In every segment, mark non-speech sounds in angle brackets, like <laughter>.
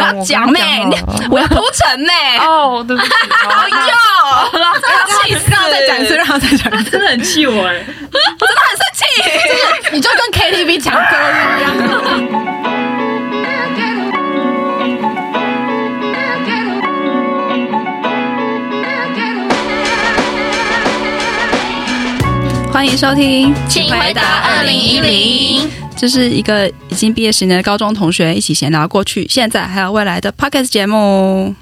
要我要講呢，我要鋪陳呢。哦，好笑，哦，他氣死，再講一次，然後再講， <laughs> <laughs> 真的很氣我，哎，真的很生氣，你就跟 KTV 講歌一樣。 <laughs> <laughs> 歡迎收聽，請回答二零一零，這是一個已經畢業十年的高中同學一起閒聊過去、現在還有未來的 podcast 節目。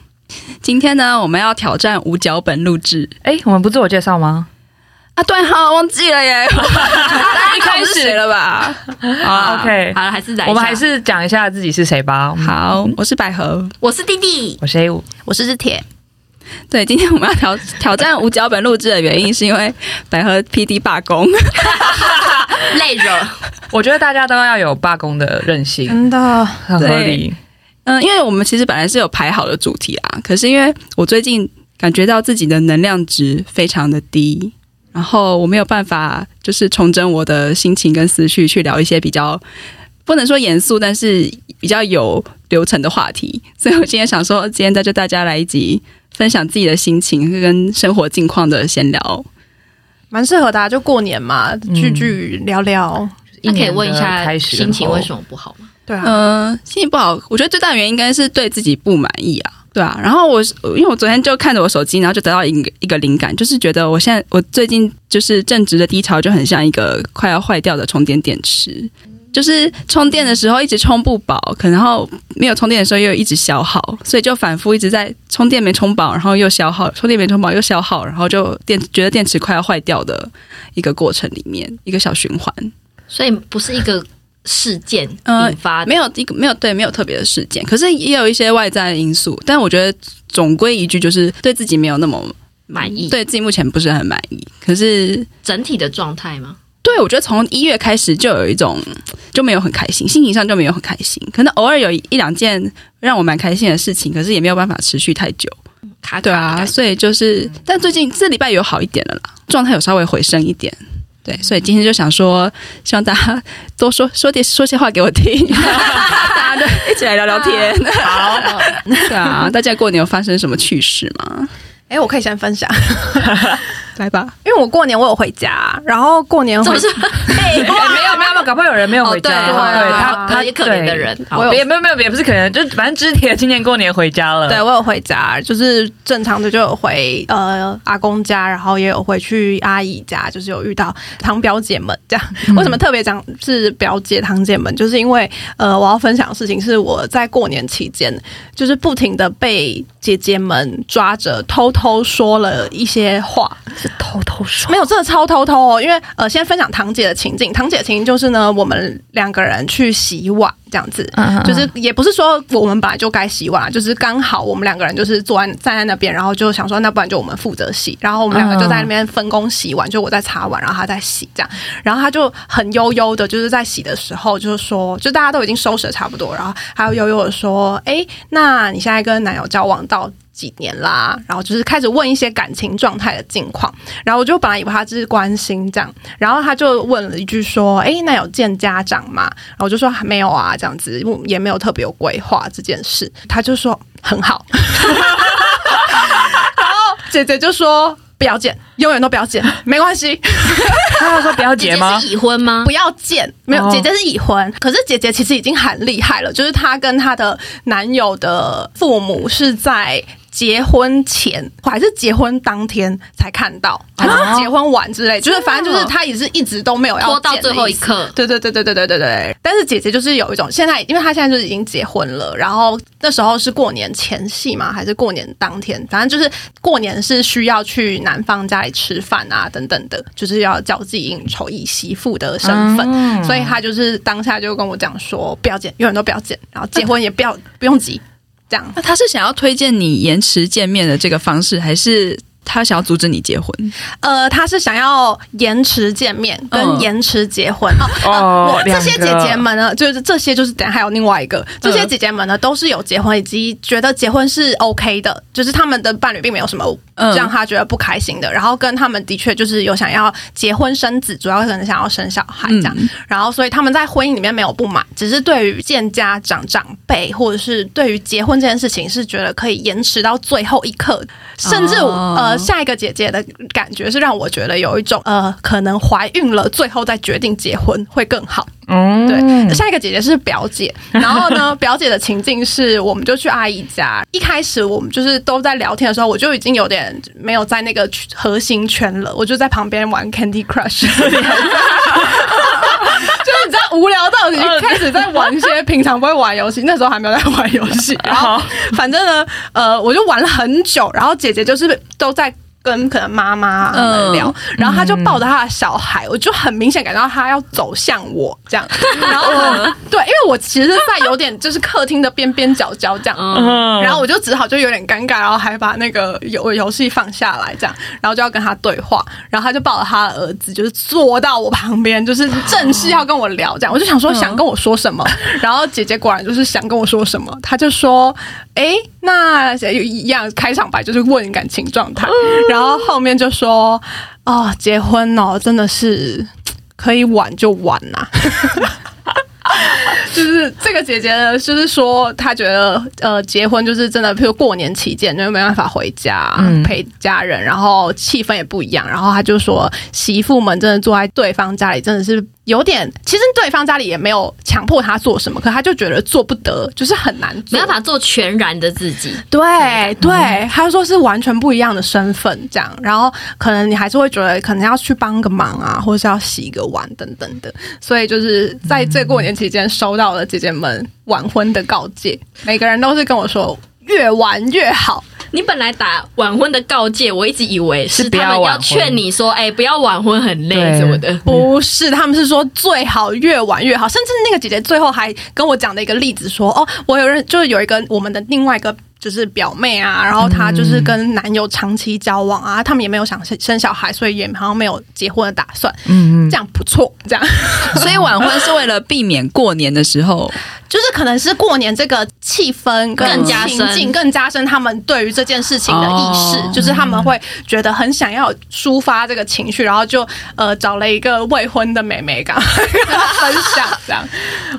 今天呢，我們要挑戰無腳本錄制。哎，我們不自我介紹嗎？啊，對，好，忘記了耶， <laughs> <laughs> 一開始了吧？好、 <laughs> <laughs> <laughs> <laughs> uh, OK，好了，還是來我們還是講一下自己是誰吧。好，我是百合，我是蒂蒂，我是欸五，我是知鐵。對，今天我們要挑挑戰無腳本錄製的原因，是因為百合 PD 罷工， <laughs> <laughs> 累了。我覺得大家都要有罷工的任性，真的很合理。嗯，因為我們其實本來是有排好的主題啊，可是因為我最近感覺到自己的能量值非常的低，然後我沒有辦法就是重整我的心情跟思緒，去聊一些比較不能說嚴肅，但是比較有流程的話題。所以我今天想說，今天帶著大家來一集，分享自己的心情，跟生活近況的閒聊，蠻適合大家、啊。就過年嘛，聚聚聊聊，那、嗯啊、可以問一下開始心情為什麼不好嗎？對啊，嗯、呃，心情不好，我覺得最大原因應該是對自己不滿意啊。對啊，然後我因為我昨天就看着我手機，然後就得到一個一個靈感，就是覺得我現在我最近就是正值的低潮，就很像一個快要壞掉的充電電池。就是充電的時候一直充不飽，可能然後沒有充電的時候又一直消耗，所以就反覆一直在充電沒充飽，然後又消耗，充電沒充飽又消耗，然後就電，覺得電池快要壞掉的一個過程裡面，一個小循環。所以不是一個事件引發的、 <laughs> 呃，沒有一個，沒有，對，沒有特別的事件，可是也有一些外在的因素。但我覺得總歸一句就是對自己沒有那麼滿意，對自己目前不是很滿意。可是整體的狀態嗎？所以我覺得從一月開始就有一種就沒有很開心，心情上就沒有很開心。可能偶爾有一兩件讓我蠻開心的事情，可是也沒有辦法持續太久。嗯、卡、卡對啊，所以就是，嗯、但最近這禮拜有好一點了啦，狀態有稍微回升一點。對，所以今天就想說，希望大家多說說、說點說些話給我聽， <laughs> 大家就 <laughs> 一起來聊聊天、啊。好，對啊，大家過年有發生什麼趣事嗎？哎，我可以先分享。 <laughs> 來吧，因為我過年我有回家，然後過年總是廢，沒有沒有沒有，搞不好有人沒有回家，對、哦、對對，一些可憐的人，我也沒有沒有也不是可憐，就反正知鐵今年過年回家了，對，我有回家，就是正常的就有回呃，阿公家，然後也有回去阿姨家，就是有遇到堂表姐們這樣、嗯。為什麼特別講是表姐堂姐們，就是因為呃，我要分享的事情是我在過年期間就是不停的被姐姐們抓着偷偷說了一些話。偷偷說，沒有，真的超偷偷哦。因為呃，先分享堂姐的情景。堂姐的情境就是呢，我們兩個人去洗碗這樣子，嗯，就是也不是說我們本來就該洗碗，就是剛好我們兩個人就是坐在站在那邊，然後就想說，那不然就我們負責洗。然後我們兩個就在那邊分工洗碗，嗯、就我在擦碗，然後他在洗這樣。然後他就很悠悠的，就是在洗的時候，就是說，就大家都已經收拾的差不多，然後還又悠悠的說，哎，那你現在跟男友交往到？幾年啦、啊，然後就是開始問一些感情狀態的近況，然後我就本來以為他只是關心這樣，然後他就問了一句說：“哎，那有見家長嗎？”然後我就說：“沒有啊，這樣子，因為也沒有特別有規劃這件事。”他就說：“很好。 <laughs> ” <laughs> <laughs> 然後 <laughs> 姐姐就說：“不要見，永遠都不要見，沒關係。”他說：“不要結嗎？已婚嗎？不要見，沒有。姐姐是已婚，哦、可是姐姐其實已經很厲害了，就是她跟她的男友的父母是在。”結婚前還是結婚當天才看到，還是結婚完之類，啊、就是反正就是他也是一直都沒有要拖到最後一刻。對對對對，對對對對對對對對。但是姐姐就是有一種，現在因為她現在就已經結婚了，然後那時候是過年前夕嘛，還是過年當天？反正就是過年是需要去男方家裡吃飯啊等等的，就是要叫自己應酬以媳婦的身份、嗯，所以她就是當下就跟我講說不要剪，永遠都不要剪，然後結婚也不要、嗯、不用急。這樣，那他是想要推薦你延遲見面的這個方式，還是？他想要阻止你結婚，呃，他是想要延遲見面跟延遲結婚、嗯。我、喔喔喔、這些姐姐們呢，就是這些就是等下還有另外一個、嗯，這些姐姐們呢都是有結婚，以及覺得結婚是 OK 的，就是他們的伴侶並沒有什麼讓她覺得不開心的。然後跟他們的確就是有想要結婚生子，主要是想要生小孩這樣、嗯。然後所以他們在婚姻裡面沒有不滿，只是對於見家長長輩或者是對於結婚這件事情是覺得可以延遲到最後一刻，嗯、甚至呃。下一個姐姐的感覺是讓我覺得有一種呃，可能懷孕了，最後再決定結婚會更好。嗯，對，下一個姐姐是表姐，然後呢，表姐的情境是，我們就去阿姨家。 <laughs> 一開始我們就是都在聊天的時候，我就已經有點沒有在那個核心圈了，我就在旁邊玩 Candy Crush。 <laughs> <laughs> 你知道無聊到已經開始在玩一些平常不會玩遊戲， <laughs> 那時候還沒有在玩遊戲。然後反正呢，呃，我就玩了很久，然後姐姐就是都在。跟可能媽媽聊、嗯，然後他就抱着他的小孩，嗯、我就很明顯感到他要走向我這樣。然後 <laughs> 對，因為我其實在有點就是客廳的邊邊角角這樣、嗯，然後我就只好就有點尷尬，然後還把那個遊遊戲放下來這樣，然後就要跟他對話，然後他就抱着他的兒子，就是坐到我旁邊，就是正式要跟我聊這樣。嗯、我就想說想跟我說什麼、嗯，然後姐姐果然就是想跟我說什麼，他就說欸。欸那也一樣開場白就是問感情狀態，然後後面就說：“哦，結婚哦，真的是可以晚就晚吶，啊。 <laughs> ”就是這個姐姐就是說，她覺得呃，結婚就是真的，譬如過年期間就沒辦法回家陪家人，然後氣氛也不一樣。然後她就說，媳婦們真的坐在對方家裡，真的是。有點，其實對方家裡也沒有強迫他做什麼，可他就覺得做不得，就是很難做，沒辦法做全然的自己。對對，他說是完全不一樣的身份這樣，然後可能你還是會覺得可能要去幫個忙啊，或是要洗一個碗等等的，所以就是在這過年期間收到了姐姐們晚婚的告誡，每個人都是跟我說越晚越好。你本來打晚婚的告誡，我一直以為是他們要勸你說，哎、欸，不要晚婚很累什麼的。不是，他們是說最好越晚越好。甚至那個姐姐最後還跟我講的一個例子說，哦，我有人就是有一個我們的另外一個就是表妹啊，然後她就是跟男友長期交往啊，他、嗯、們也沒有想生小孩，所以也好像沒有結婚的打算。嗯，這樣不錯，這樣。嗯、 <laughs> 所以晚婚是為了避免過年的時候。就是可能是過年這個氣氛更加深，更加深他們對於這件事情的意識，就是他們會覺得很想要抒發這個情緒，然後就呃找了一個未婚的妹妹，剛 <laughs> 分享這樣。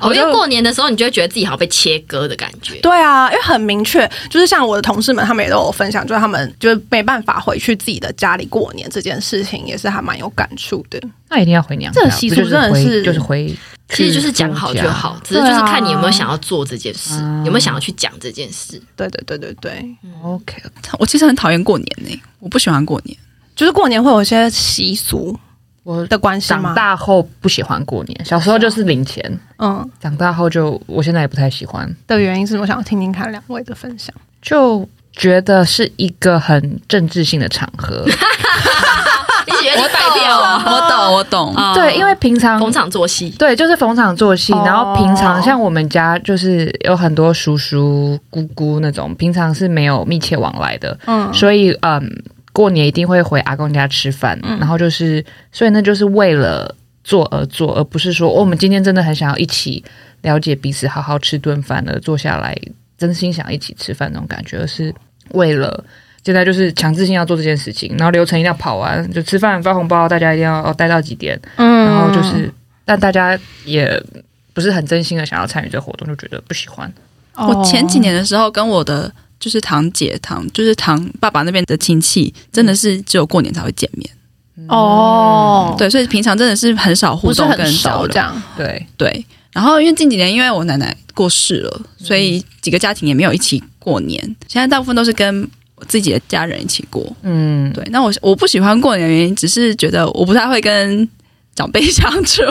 哦、我覺得過年的時候，你就會覺得自己好像被切，哦、自己好像被切割的感覺。對啊，因為很明確，就是像我的同事們，他們也都有分享，就是他們就沒辦法回去自己的家裡過年這件事情，也是還蠻有感觸的。那一定要回娘家，啊，這習、個、俗真的是就是回。就是回其實就是講好就好，只是就是看你有沒有想要做這件事，啊、有沒有想要去講這件事、嗯。對對對對對，OK。我其實很討厭過年呢、欸，我不喜歡過年，就是過年會有一些習俗，我的關係。長大後不喜歡過年，過年小時候就是零錢，嗯，長大後就我現在也不太喜歡。的原因是我想要聽聽看兩位的分享，就覺得是一個很政治性的場合。哈哈哈。你覺得你我帶掉，我懂，我懂。哦、對，因為平常逢場作戲，對，就是逢場作戲。然後平常、哦、像我們家，就是有很多叔叔、姑姑那種，平常是沒有密切往來的。嗯，所以嗯，過年一定會回阿公家吃飯。嗯，然後就是，所以那就是為了做而做，而不是說、哦、我們今天真的很想要一起了解彼此，好好吃頓飯，了坐下來真心想一起吃飯那種感覺，而是為了。現在就是強制性要做這件事情，然後流程一定要跑完，就吃飯發紅包，大家一定要要待到幾點。嗯，然後就是，但大家也不是很真心的想要參與這活動，就覺得不喜歡。我前幾年的時候，跟我的就是堂姐堂，就是堂爸爸那邊的親戚，真的是只有過年才會見面。哦、嗯嗯，對，所以平常真的是很少互動跟很少，很少這樣。對對。然後因為近幾年，因為我奶奶過世了，所以幾個家庭也沒有一起過年。現在大部分都是跟。我自己的家人一起過，嗯，對。那我我不喜歡過年的原因，只是覺得我不太會跟長輩相處。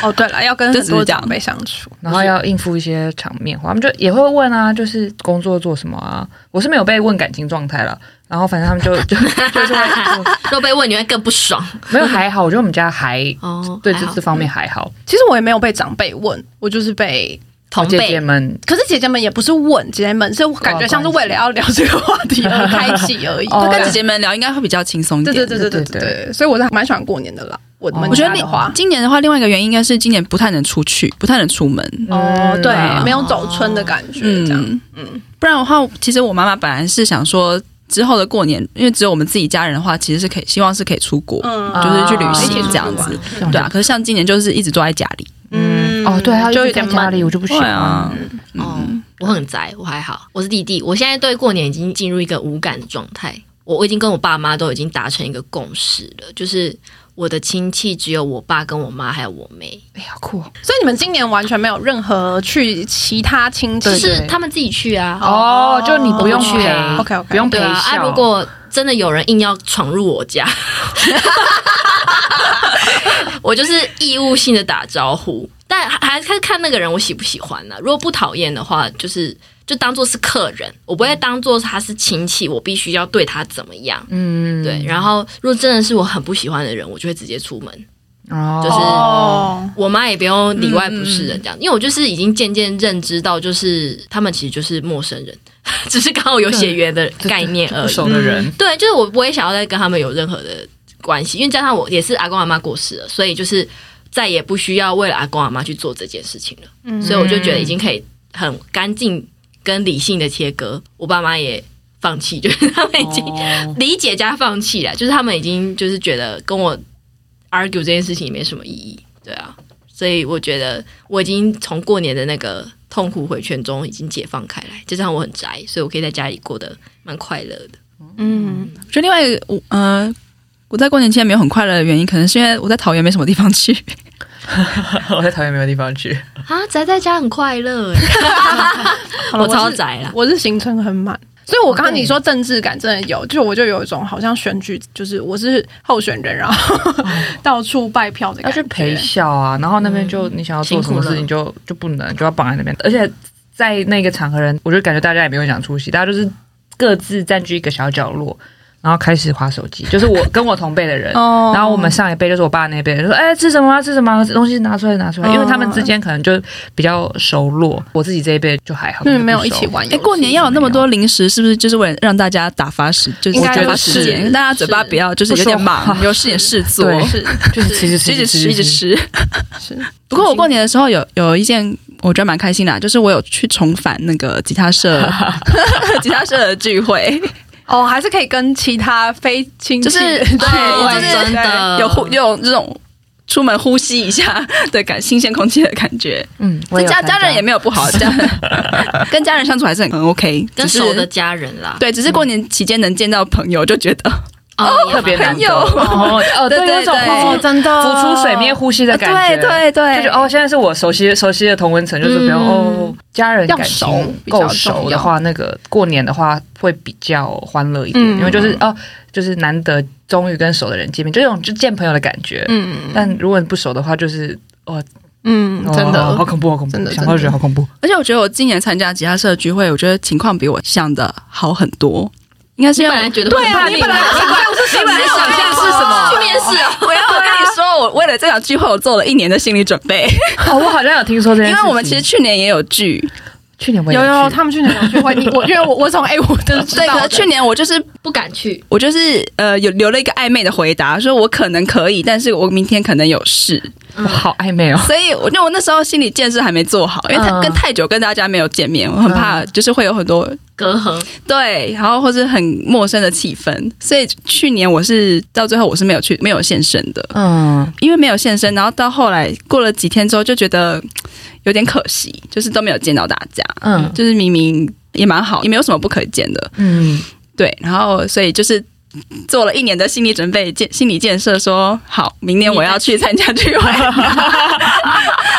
哦，對了，要跟很多長輩相處、就是，然後要應付一些場面話。他們就也會問啊，就是工作做什麼啊？我是沒有被問感情狀態了。然後反正他們就就 <laughs> <laughs> 就是 <laughs> 如果被問你會更不爽。沒有，還好，我覺得我們家還、哦、對這這、嗯、方面還好。其實我也沒有被長輩問，我就是被。同輩姐姐們，可是姐姐們也不是問姐姐們，是感覺像是為了要聊這個話題而開啟而已我心。就跟姐姐們聊應該會比較輕鬆一點。 <laughs> 哦、姐姐一點對，對，對對對對對對。所以我是還蠻喜歡過年的啦。我的的我覺得你今年的話，另外一個原因應該是今年不太能出去，不太能出門。哦、嗯啊，對，沒有走春的感覺，這樣嗯。嗯，不然的話，其實我媽媽本來是想說之後的過年，因為只有我們自己家人的話，其實是可以，希望是可以出國，嗯，就是去旅行這樣子。嗯、對啊，可是像今年就是一直坐在家裡，嗯。嗯嗯、哦，對、啊，就有點家裡，我就不行，嗯嗯。嗯，我很宅，我還好。我是弟弟，我現在對過年已經進入一個無感的狀態。我我已經跟我爸媽都已經達成一個共識了，就是我的親戚只有我爸跟我媽還有我妹。哎呀，酷！所以你們今年完全沒有任何去其他親戚， <laughs> 是他們自己去啊？對對哦，就你不用去、 <laughs> okay, okay, 啊。o、okay, k OK，不用陪啊。哎，如果真的有人硬要闖入我家， <laughs> <laughs> <laughs> <laughs> 我就是義務性的打招呼。但還是看那個人我喜不喜歡呢？啊，如果不討厭的話，就是就當做是客人，我不會當做他是親戚，我必須要對他怎麼樣？嗯，對。然後如果真的是我很不喜歡的人，我就會直接出門。哦、嗯，就是、哦、我媽也不用裡外不是人這樣，嗯，因為我就是已經漸漸認知到，就是他們其實就是陌生人， <laughs> 只是剛好有血緣的概念而已。對，就不熟的人。對，就是我不會想要再跟他們有任何的關係，因為加上我也是阿公阿媽過世了，所以就是。再也不需要為了阿公阿媽去做這件事情了、嗯，所以我就覺得已經可以很乾淨跟理性的切割。我爸媽也放棄，就是他們已經理解加放棄了、哦，就是他們已經就是覺得跟我 argue 這件事情也沒什麼意義。對啊，所以我覺得我已經從過年的那個痛苦回圈中已經解放開來。就這樣，我很宅，所以我可以在家裡過得蠻快樂的。嗯，就另外一個我呃。So anyway, uh, 我在過年期間沒有很快樂的原因，可能是因為我在桃園沒什麼地方去。 <laughs> 我在桃園沒有地方去啊，宅在，在家很快樂，欸 <laughs> 我超宅啊我，我是行程很滿，哦。所以，我剛剛你說政治感真的有，就我就有一種好像選舉，就是我是候選人，然後到處拜票的感覺，要、哦、去陪笑啊。然後那邊就你想要做什麼事情就、嗯，就就不能，就要綁在那邊。而且在那個場合人，人我就感覺大家也沒有想出席，大家就是各自占據一個小角落。然後開始滑手機，就是我跟我同輩的人，oh. 然後我們上一輩就是我爸那輩人說：“哎、欸，吃什麼？吃什麼？東西拿出來，拿出來。”因為他們之間可能就比較熟絡，我自己這一輩就還好就、嗯，沒有一起玩。哎、欸，過年要有那麼多零食，是,是不是就是為了讓大家打發時？就是打發時間，大家嘴巴不要就是有點忙，有事也事做，是，就是一直吃，一 <laughs> 直吃。是。不過我過年的時候有有一件我覺得蠻開心的，就是我有去重返那個吉他社， <laughs> 吉他社的聚會。哦，還是可以跟其他非親戚去玩轉的，對有有，有這種出門呼吸一下的感，新鮮空氣的感覺。嗯，我家家人也沒有不好，家人 <laughs> 跟家人相處還是很很、嗯、OK，但是我的家人啦。對，只是過年期間能見到朋友，就覺得。嗯哦，特別難受，然哦，哦，哦，對對對，真的浮出水面呼吸的感覺，對對對，就哦，現在是我熟悉熟悉的同溫層、嗯，就是比較、哦、家人，夠熟的話，那個過年的話會比較歡樂一點、嗯，因為就是、嗯、哦，就是難得終於跟熟的人見面，就這種就見朋友的感覺，嗯，嗯，但如果你不熟的話，就是哦，嗯，哦、真的好恐怖，好恐怖，真的，想到就覺得好恐怖。而且我覺得我今年參加吉他社的聚會，我覺得情況比我想的好很多。應該是要你本來覺得對，啊啊對啊，你本來想，就 <laughs> 對，我是本來想面 <laughs> 是什麼去面 <laughs> 我要跟你說，我為了這場聚會，我做了一年的心理準備。 <laughs> 好，我好像有聽說這，這樣，因為我們其實去年也有聚。去年有，去有有，他們去年有去會， <laughs> 我因為我我從哎，我真、欸、的個去年我就是不敢去，我就是呃有留了一個曖昧的回答，說我可能可以，但是我明天可能有事，好曖昧哦。所以我我那時候心理建設還沒做好，因為他、嗯、跟太久跟大家沒有見面，我很怕就是會有很多隔閡、嗯，對，然後或是很陌生的氣氛，所以去年我是到最後我是沒有去沒有現身的，嗯，因為沒有現身，然後到後來過了幾天之後就覺得。有點可惜，就是都沒有見到大家。嗯，就是明明也蠻好，也沒有什麼不可見的。嗯，對。然後，所以就是做了一年的心理準備、建心理建設，說好，明年我要去參加聚會。嗯，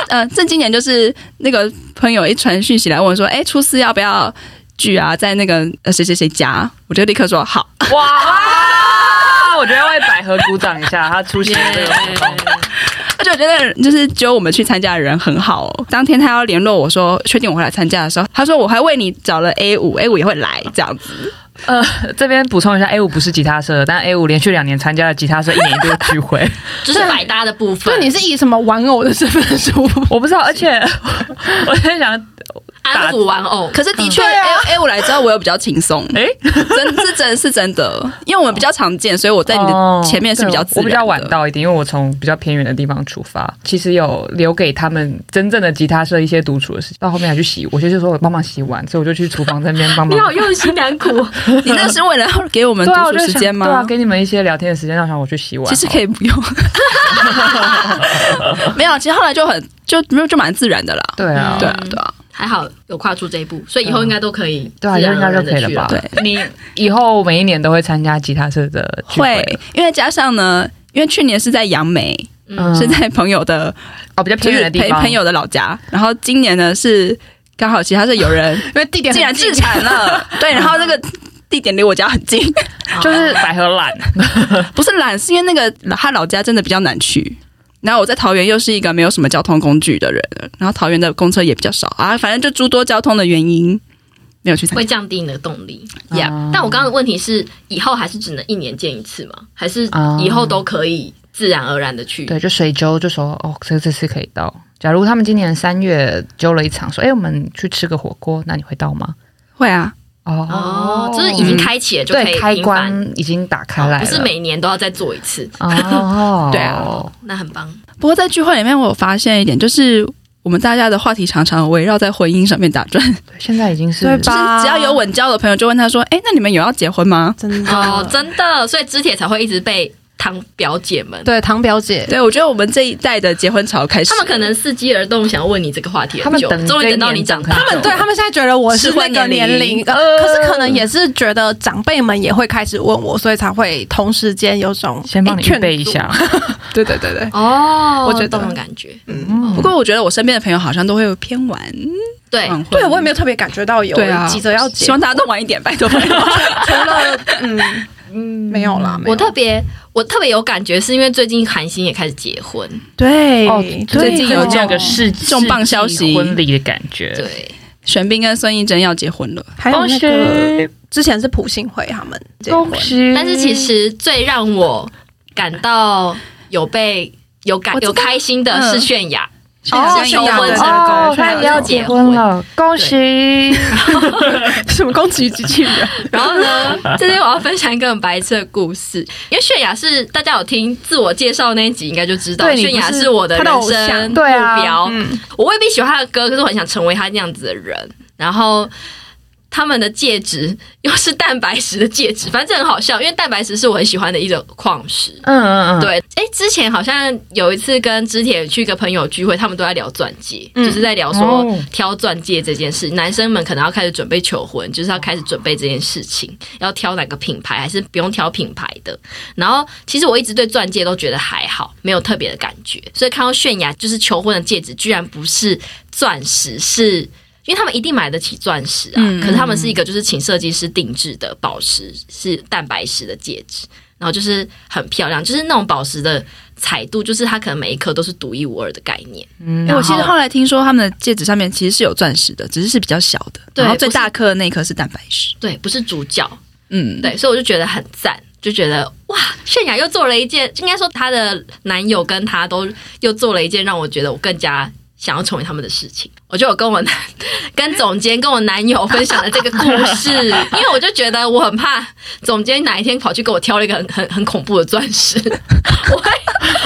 這、嗯 <laughs> 呃、今年就是那個朋友一傳訊息來問我說，哎、欸，初四要不要聚啊？在那個呃誰誰誰家，我就立刻說好。哇！ <laughs> 我覺得為百合鼓掌一下， <laughs> 他出席 <laughs> 就覺得就是只有我們去參加的人很好哦。當天他要聯絡我說確定我會來參加的時候，他說我還為你找了欸五，欸五也會來這樣子。呃，這邊補充一下，欸五不是吉他社的，但欸五連續兩年參加了吉他社一年一度的聚會， <laughs> 就是百搭的部分。那、 <laughs> 就是、你是以什麼玩偶的身份的書？是 <laughs> 我不知道，而且我,我在想。安撫玩偶，可是的確，L A 我來之後，我又比較輕鬆，哎、欸，真的是真的是真的，因為我們比較常見，所以我在你的前面是比較自然的、哦、我比較晚到一點，因為我從比較偏遠的地方出發。其實有留給他們真正的吉他社一些獨處的時間，到後面還去洗，我就就說我幫忙洗碗，所以我就去廚房那邊幫忙。你好用心良苦， <laughs> 你那是為了給我們獨處時間嗎？對、啊？對啊，給你們一些聊天的時間，讓讓我，我去洗碗。其實可以不用、 <laughs> 啊，沒有，其實後來就很就沒有，就蠻自然的啦。對啊，對啊，對啊。嗯對啊對啊。還好有跨出這一步，所以以後應該都可以對，應該就可以了吧？對，你以後每一年都會參加吉他社的聚會？會，因為加上呢，因為去年是在楊梅，嗯，是在朋友的哦比較偏遠的地方，嗯就是、朋友的老家。哦、然後今年呢是剛好吉他社有人、啊，因為地點竟然自殘了， <laughs> 對，然後那個地點離我家很近， <laughs> 就是百合懶，不是懶，是因為那個他老家真的比較難去。然後我在桃園又是一個沒有什麼交通工具的人，然後桃園的公車也比較少啊，反正就諸多交通的原因，沒有去參加。會降低你的動力。y、yeah, 嗯、但我剛剛的問題是，以後還是只能一年見一次嗎？還是以後都可以自然而然的去？嗯、對，就隨揪就說哦，這次可以到。假如他們今年三月揪了一場，說哎，我們去吃個火鍋，那你會到嗎？會啊。哦，哦，就是已經開啟了，就可以開關已經打開來了，哦，不是每年都要再做一次。哦， <laughs> 對、啊哦，那很棒。不過在聚會裡面，我有發現一點，就是我們大家的話題常常圍繞在婚姻上面打轉。對，現在已經是吧，就是只要有穩交的朋友，就問他說：“哎，那你們有要結婚嗎？”真的哦，真的，所以知鐵才會一直被。堂表姐們對，對堂表姐，對我覺得我們這一代的結婚潮開始，他們可能伺機而動，想問你這個話題很久，他們就終於等到你長大，他們對他們現在覺得我是那個年齡，個年齡，呃，可是可能也是覺得長輩們也會開始問我，所以才會同時間有種先幫你預備一下， <laughs> 對對對對，哦，我覺得這種感覺嗯，嗯，不過我覺得我身邊的朋友好像都會偏晚，對晚對，我也沒有特別感覺到有急着、啊、要結，希望大家都晚一點拜托，除了 <laughs> 嗯。嗯，沒有啦，我特別，我特別有感覺，是因為最近韓星也開始結婚。對，哦，最近有這個事重磅消息，婚禮的感覺。對，玄彬跟孫藝珍要結婚了，還有那個之前是朴信惠他們結婚。但是其實最讓我感到有被有感有開心的是泫雅。然後求婚功、哦、他也要結婚了，婚恭喜！什麼恭喜？機器人？ <laughs> <laughs> 然後呢？今天我要分享一個很白色的故事，因為泫雅是大家有聽自我介紹那一集應該就知道，泫雅是，是我的人生目標、啊嗯。我未必喜歡他的歌，可是我很想成為他那樣子的人。然後。他們的戒指又是蛋白石的戒指，反正很好笑，因為蛋白石是我很喜歡的一種礦石。嗯嗯嗯，對。哎、欸，之前好像有一次跟知鐵去一個朋友聚會，他們都在聊鑽戒，就是在聊說挑鑽戒這件事、嗯哦。男生們可能要開始準備求婚，就是要開始準備這件事情，要挑哪個品牌，還是不用挑品牌的。然後其實我一直對鑽戒都覺得還好，沒有特別的感覺。所以看到泫雅就是求婚的戒指，居然不是鑽石，是。因為他們一定買得起鑽石啊。嗯，可是他們是一個就是請設計師定製的寶石，嗯，是蛋白石的戒指，然後就是很漂亮，就是那種寶石的彩度，就是它可能每一顆都是獨一無二的概念。嗯，我其實後來聽說他們的戒指上面其實是有鑽石的，只是是比較小的，對，然後最大顆的那一顆是蛋白石，對，不是主角，嗯，對，所以我就覺得很讚，就覺得哇，泫雅又做了一件，應該說她的男友跟她都又做了一件，讓我覺得我更加。想要成為他們的事情，我就有跟我男跟總監跟我男友分享了這個故事，因為我就覺得我很怕總監哪一天跑去給我挑了一個很很很恐怖的鑽石，我還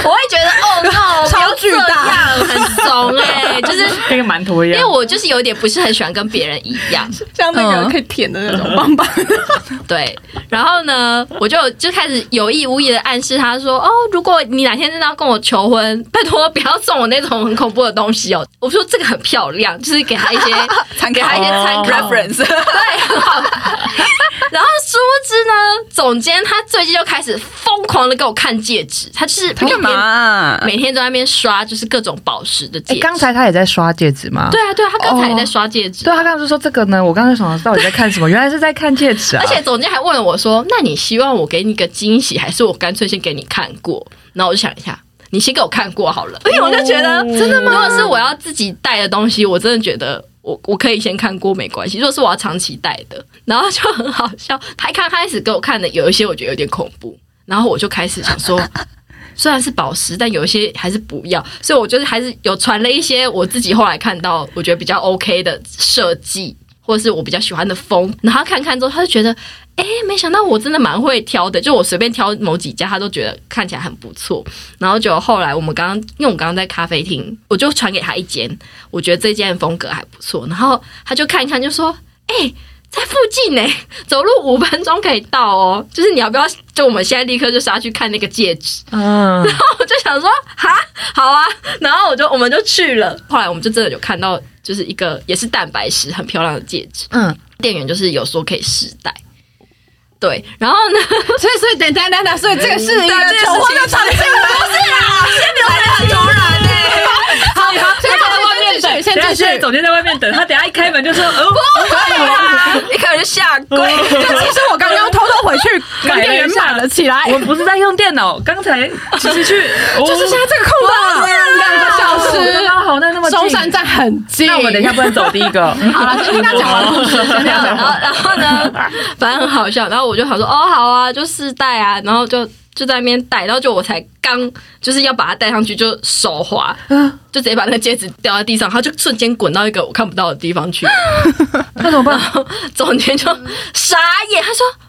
我會覺得哦 no，、欸、超巨大，很重哎，就是跟個饅頭一樣。因為我就是有點不是很喜歡跟別人一樣，這樣的人可以舔的那種棒棒、嗯。對，然後呢，我就就開始有意無意的暗示他說，哦，如果你哪天真的要跟我求婚，拜託不要送我那種很恐怖的東西哦。我說這個很漂亮，就是給他一些， <laughs> 給他一些參考 reference。對，好。然後殊不知呢，總監他最近就開始瘋狂的給我看戒指，他就是幹嘛？啊，每天在那邊刷，就是各種寶石的戒指、欸、剛才他也在刷戒指嗎？對啊，對啊，他剛才也在刷戒指，oh，戒指對啊。對，他剛剛就說這個呢，我剛才想到到底在看什麼， <laughs> 原來是在看戒指啊。而且總監還問了我說：“那你希望我給你個驚喜，還是我乾脆先給你看過？”然後我就想一下，你先給我看過好了，oh, 因為我就覺得真的嗎？如果是我要自己戴的東西，我真的覺得我我可以先看過沒關係。如果是我要長期戴的，然後就很好笑。他一看開始給我看的有一些我覺得有點恐怖，然後我就開始想說。 <laughs> 雖然是寶石，但有一些還是不要，所以我就是還是有傳了一些我自己後來看到，我覺得比較 OK 的設計，或者是我比較喜歡的風，然後看看之後，他就覺得，哎、欸，沒想到我真的蠻會挑的，就我隨便挑某幾家，他都覺得看起來很不錯，然後就後來我們剛剛，因為我剛剛在咖啡廳，我就傳給他一間，我覺得這間風格還不錯，然後他就看一看，就說，哎、欸。在附近呢、欸，走路五分鐘可以到哦、喔。就是你要不要？就我們現在立刻就殺去看那個戒指。嗯、uh.。然後我就想說，哈，好啊。然後我就，我們就去了。後來我們就真的就看到，就是一個也是蛋白石，很漂亮的戒指。嗯。店員就是有說可以試戴。對。然後呢？所以所以等等等等，所以，所以這個是一、嗯這個求婚、這個這個、的場景，不是啦？ <laughs> 先留表現很突然呢。好。好。對先繼續，總監在外面等 <laughs> 他，等一下一開門就說：“哦、不可以啊！” <laughs> 一開門就下跪。 <laughs> 就其實我剛剛偷偷回去 <laughs> 改了一原版了起來。 <laughs> 我們不是在用電腦，剛才其實去、 <laughs> 哦、就是現在這個空檔、啊，兩、啊、個小時剛、啊、好那那麼中山站很近，那我們等一下不能走第一個。 <laughs> 好了啦，聽他講完故事然後然後呢，反 <laughs> 正很好笑。然後我就好說：“哦，好啊，就試戴啊。”然後就。就在那邊戴，然後就我才剛就是要把它戴上去，就手滑，啊、就直接把那個戒指掉在地上，它就瞬間滾到一個我看不到的地方去。那 <laughs> 怎麼辦？然後總監就傻眼，他說。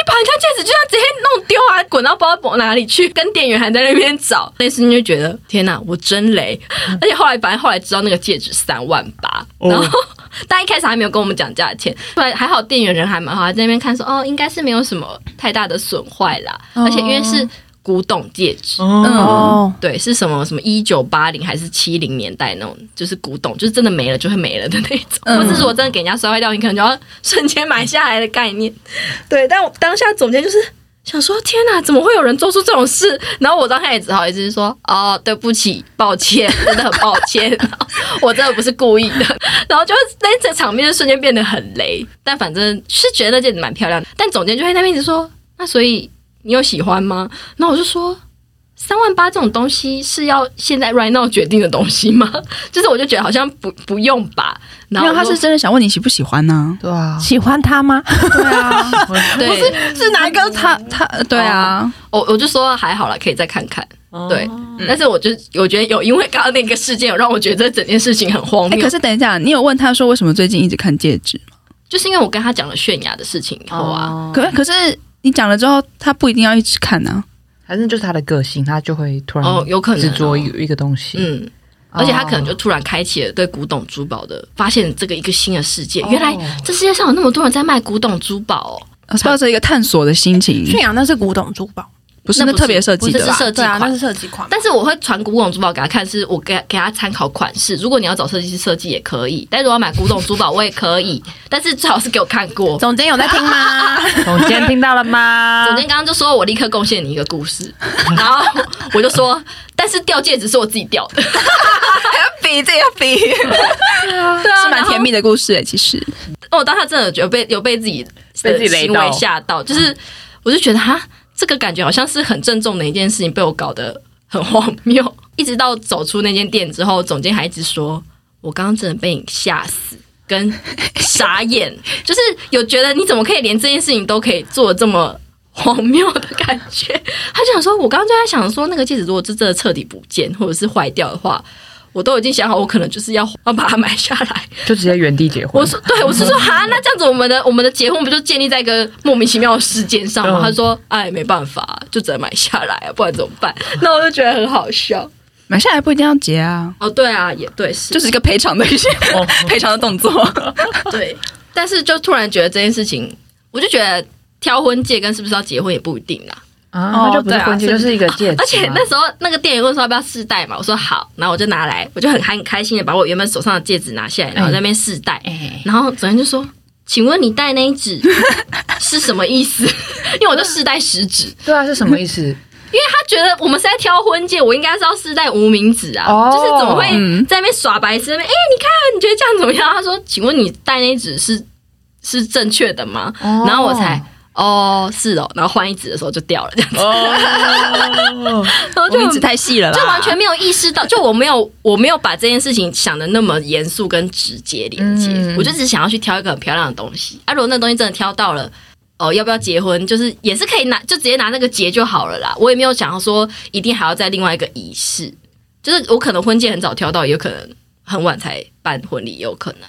你把人家戒指就這直接弄丟啊？滾到包包哪裡去？跟店員還在那邊找，那時你就覺得天哪，我真雷！嗯、而且後來，反正後來知道那個戒指三萬八，然後、哦、但一開始還沒有跟我們講價錢，後來還好店員人還蠻好，在那邊看說哦，應該是沒有什麼太大的損壞啦、哦，而且因為是。古董戒指，哦、oh. 嗯，對，是什麼什麼一九八零還是七零年代那種，就是古董，就是真的沒了就會沒了的那種，oh. 或者是我真的給人家摔壞掉，你可能就要瞬間買下來的概念。對，但我當下總監就是想說，天哪，怎麼會有人做出這種事？然後我當時也只好一直說，哦，對不起，抱歉，真的很抱歉， <laughs> 我真的不是故意的。然後就那這場面就瞬間變得很雷，但反正是覺得那戒指蠻漂亮的。但總監就在那邊一直說，那所以。你有喜歡嗎？那我就說，三萬八這種東西是要現在 right now 決定的東西嗎？就是我就覺得好像不不用吧。然後因為他是真的想問你喜不喜歡呢、啊？對啊，喜歡他嗎？對啊，不、 <laughs> 就是是,是哪一個他他？對啊，我我就說還好了，可以再看看。對，嗯、但是我就我覺得有因為剛剛那個事件，讓我覺得整件事情很荒謬、欸。可是等一下，你有問他說為什麼最近一直看戒指？就是因為我跟他講了泫雅的事情以後啊，嗯、可可是。你講了之後，他不一定要一直看呢、啊，反正就是他的個性，他就會突然執着於一個東西、哦哦。嗯，而且他可能就突然開啟了對古董珠寶的發現，這個一個新的世界、哦。原來這世界上有那麼多人在賣古董珠寶，抱、啊、着一個探索的心情去養那是古董珠寶。不是那特別設計的，是設計款，啊、是設計款。但是我會傳古董珠寶給他看，是我給他給他參考款式。如果你要找設計師設計也可以，但如果要買古董珠寶，我也可以。 <laughs> 但是最好是給我看過。總監有在聽嗎？ <laughs> 總監聽到了嗎？總監剛剛就說我立刻貢獻你一個故事， <laughs> 然後我就說，但是掉戒指是我自己掉的。比這比是蠻甜蜜的故事哎，其實我、嗯喔、當下真的覺得被有被自己的行為嚇到，就是、嗯、我就覺得哈。這個感覺好像是很鄭重的一件事情，被我搞得很荒謬。一直到走出那間店之後，總監還一直說：“我剛剛真的被你嚇死，跟傻眼，就是有覺得你怎麼可以連這件事情都可以做這麼荒謬的感覺。”他就想說：“我剛剛就在想說，那個戒指如果真的徹底不見或者是壞掉的話。”我都已經想好，我可能就是要要把它買下來，就直接原地結婚。我說，對我是說，哈，那這樣子我們的我們的結婚不就建立在一個莫名其妙的事件上嗎？他說，哎，沒辦法，就只能買下來，不然怎麼辦？那我就覺得很好笑，買下來不一定要結啊。哦，對啊，也對，是就是一個賠償的，一些、哦、呵呵 <laughs> 賠償的動作。對，但是就突然覺得這件事情，我就覺得挑婚戒跟是不是要結婚也不一定啦。哦、對啊，就是就是一個戒指。哦、而且那時候那個店員問說要不要試戴嘛、哦，我說好，然後我就拿來，我就很開很開心的把我原本手上的戒指拿下來，然後在那邊試戴。哎、然後總監就說、哎，請問你戴那一指 <laughs> 是什麼意思？ <laughs> 因為我就試戴食指。對啊，是什麼意思、嗯？因為他覺得我們是在挑婚戒，我應該是要試戴無名指啊、哦，就是怎麼會在那邊耍白痴？那邊、嗯、哎，你看你覺得這樣怎麼樣？他說，請問你戴那一指是是正確的嗎？哦、然後我才。哦、oh，是哦，然後換一支的時候就掉了，這樣子，哦哈哈哈哈。我一直太細了，就完全沒有意識到，就我沒有，我沒有把這件事情想的那麼嚴肅跟直接連結， <laughs> 我就只想要去挑一個很漂亮的東西。啊，如果那東西真的挑到了，哦，要不要結婚？就是也是可以拿，就直接拿那個結就好了啦。我也沒有想要說一定還要再另外一個儀式，就是我可能婚戒很早挑到，有可能很晚才辦婚禮，也有可能。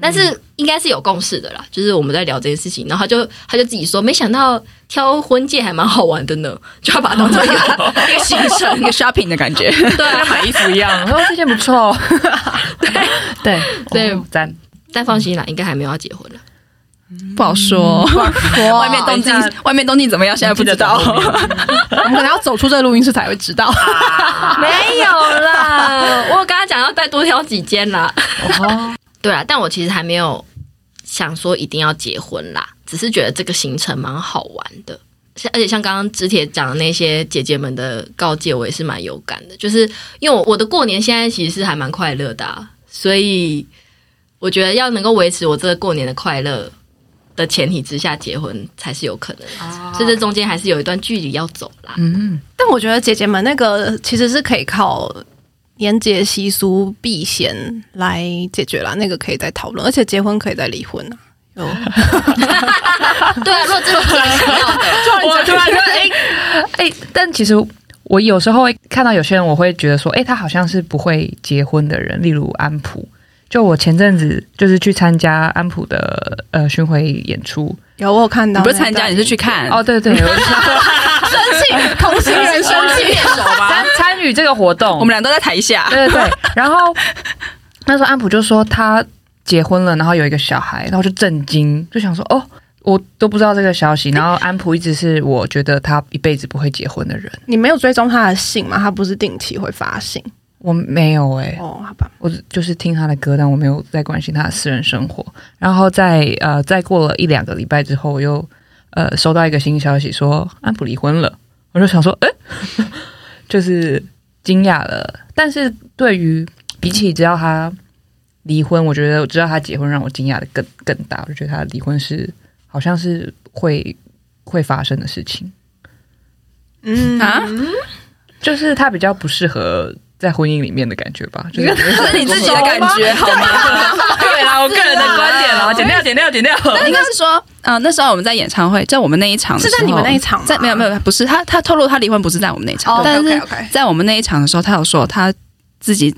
但是應該是有共識的啦，就是我們在聊這件事情，然後他就他就自己說，沒想到挑婚戒還蠻好玩的呢，就要把它當成一個行程、 <laughs> 一個行程 <laughs> 一個 shopping 的感覺，對、啊，跟買衣服一樣。哇、 <laughs> 哦，這件不錯哦。對 <laughs> 對對，但但放心啦，應該還沒有要結婚了。不好說，外面東京外面東京怎麼樣？現在不知道， <laughs> 我可能要走出這個錄音室才會知道。 <laughs> 沒有啦，我剛剛講要再多挑幾間啦。 <laughs> 對啊，但我其實還沒有想說一定要結婚啦，只是覺得這個行程蠻好玩的，像而且像剛剛知鐵講的那些姐姐們的告誡，我也是蠻有感的。就是因為我我的過年現在其實是還蠻快樂的，啊，所以我覺得要能夠維持我這個過年的快樂的前提之下結婚才是有可能的。所以、哦、這中間還是有一段距離要走啦。嗯，但我覺得姐姐們那個其實是可以靠。言節習俗避嫌來解決了，那個可以再討論，而且結婚可以再離婚啊！有、oh， <laughs> <laughs> 對啊，說真的，突然覺得哎哎，但其實我有時候看到有些人，我會覺得說，哎、欸，他好像是不會結婚的人，例如安溥。就我前陣子就是去參加安溥的呃巡迴演出，有我有看到。你不是參加，你是去看？哦，對對、對， <laughs> 就是、 <laughs> 生氣同情。面熟吧？參與這個活動，我們倆都在台下。對對對，然後那時候安溥就說他結婚了，然後有一個小孩，然後就震驚，就想說哦，我都不知道這個消息。然後安溥一直是我覺得他一輩子不會結婚的人。你沒有追蹤他的信嗎？他不是定期會發信？我沒有欸。哦，好吧，我就是聽他的歌，但我沒有在關心他的私人生活。然後在呃，再過了一兩個禮拜之後，我又呃收到一個新消息，說安溥離婚了。我就想說，哎、欸， <laughs> 就是驚訝了。但是對於比起知道他離婚、嗯，我覺得我知道他結婚讓我驚訝的更更大。我覺得他離婚是好像是會會發生的事情。嗯啊， <laughs> 就是他比較不適合在婚姻裡面的感覺吧， <laughs> 就是你自己的感覺， <laughs> 好嗎？對啊，我個人的觀點啊，剪掉，剪掉，剪掉。那應該是說，啊、呃，那時候我們在演唱會，在我們那一場是在你們那一場，在沒有沒有，不是他他透露他離婚不是在我們那一場，但是在我們那一場的時候，okay, okay. 他有說他自己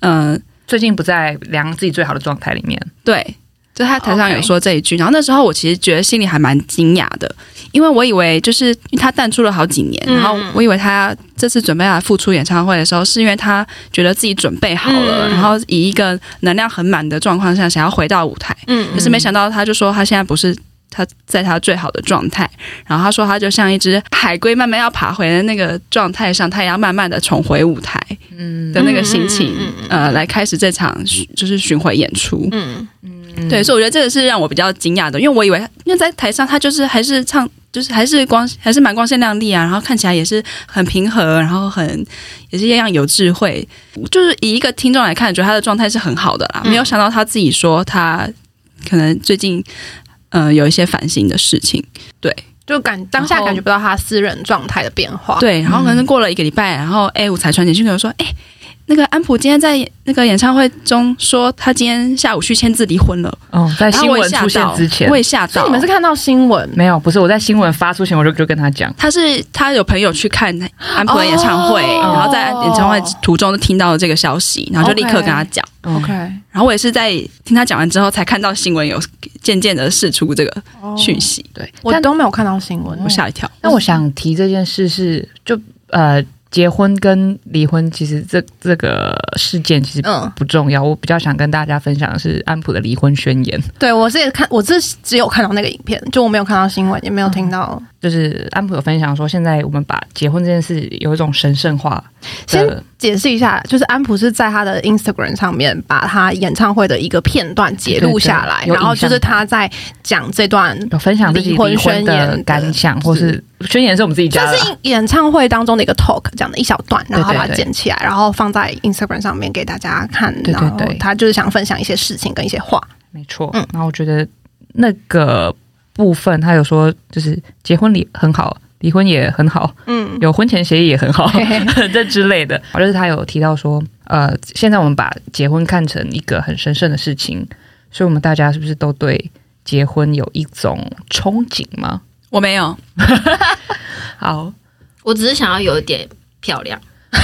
嗯、呃、最近不在量自己最好的狀態裡面，對。就他台上有說這一句、okay，然後那時候我其實覺得心裡還蠻驚訝的，因為我以為就是因為他淡出了好幾年、嗯，然後我以為他這次準備要來復出演唱會的時候，是因為他覺得自己準備好了，嗯、然後以一個能量很滿的狀況下想要回到舞台，嗯、嗯，可是沒想到他就說他現在不是他在他最好的狀態，然後他說他就像一隻海龜慢慢要爬回的那個狀態上，他要慢慢的重回舞台，嗯的那個心情嗯嗯嗯嗯呃來開始這場就是巡迴演出，嗯。嗯對，所以我覺得這個是讓我比較驚訝的，因為我以為，因為在台上他就是還是唱，就是還是光，還是蠻光鮮亮麗啊，然後看起來也是很平和，然後很也是一樣有智慧，就是以一個聽眾來看，我覺得他的狀態是很好的啦。沒有想到他自己說他可能最近嗯、呃、有一些煩心的事情，對，就感當下感覺不到他私人狀態的變化。對，然後可能過了一個禮拜，然後哎我才傳進去，跟我說哎。誒那個安溥今天在那個演唱會中說，他今天下午去簽字離婚了。嗯、哦，在新聞出現之前，我也嚇到。你們是看到新聞？沒有，不是。我在新聞發出前，我就就跟他講，他是他有朋友去看安溥的演唱會，哦、然後在演唱會途中就聽到了這個消息，哦，然後就立刻跟他講。OK、哦。然後我也是在聽他講完之後，才看到新聞有漸漸的釋出這個訊息。哦、對，我都沒有看到新聞，嗯、我嚇一跳。那、嗯、我想提這件事是就呃。結婚跟離婚，其實這這個事件其實不重要。嗯。我比較想跟大家分享的是安溥的離婚宣言。對，我是也看，我是只有看到那個影片，就我沒有看到新聞，也沒有聽到。嗯就是安溥有分享說，現在我們把結婚這件事有一種神聖化。先解釋一下，就是安溥是在他的 Instagram 上面把他演唱會的一個片段截錄下來，哎、對對，然後就是他在講這段有分享自己離婚的感想宣言的，或是宣言是我們自己的，講，就是演唱會當中的一個 talk 講的一小段，然後把它剪起來對對對，然後放在 Instagram 上面給大家看對對對。然後他就是想分享一些事情跟一些話。沒錯，嗯，然後我覺得那個。部分他有說，就是結婚離很好，離婚也很好，嗯，有婚前協議也很好，這 <laughs> 之類的。 <laughs> 就是他有提到說，呃，現在我們把結婚看成一個很神聖的事情，所以我們大家是不是都對結婚有一種憧憬嗎？我沒有， <laughs> 好，我只是想要有一點漂亮。 <laughs>